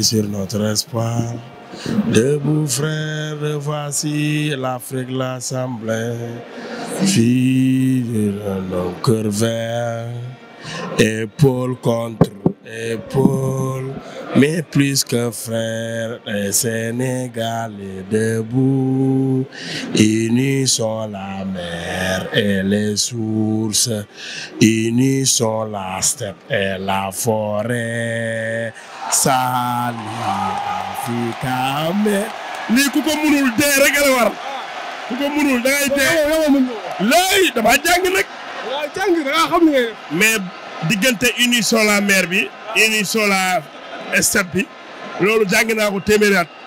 sur notre espoir. Debout frères, voici l'Afrique l'assemblée. Fille de nos cœurs verts, épaule contre épaule, mais plus que frères, les Sénégalais debout, unissons la mer et les sources, unissons la steppe et la forêt. Salikame lii ku ko munul dee rek la war ku ko munul da dee léegi damaa jàng nag. waaw jàng da ngaa xam ne. mais diggante unisola mer bi. unisola step bi. loolu jàng naa téeméeri at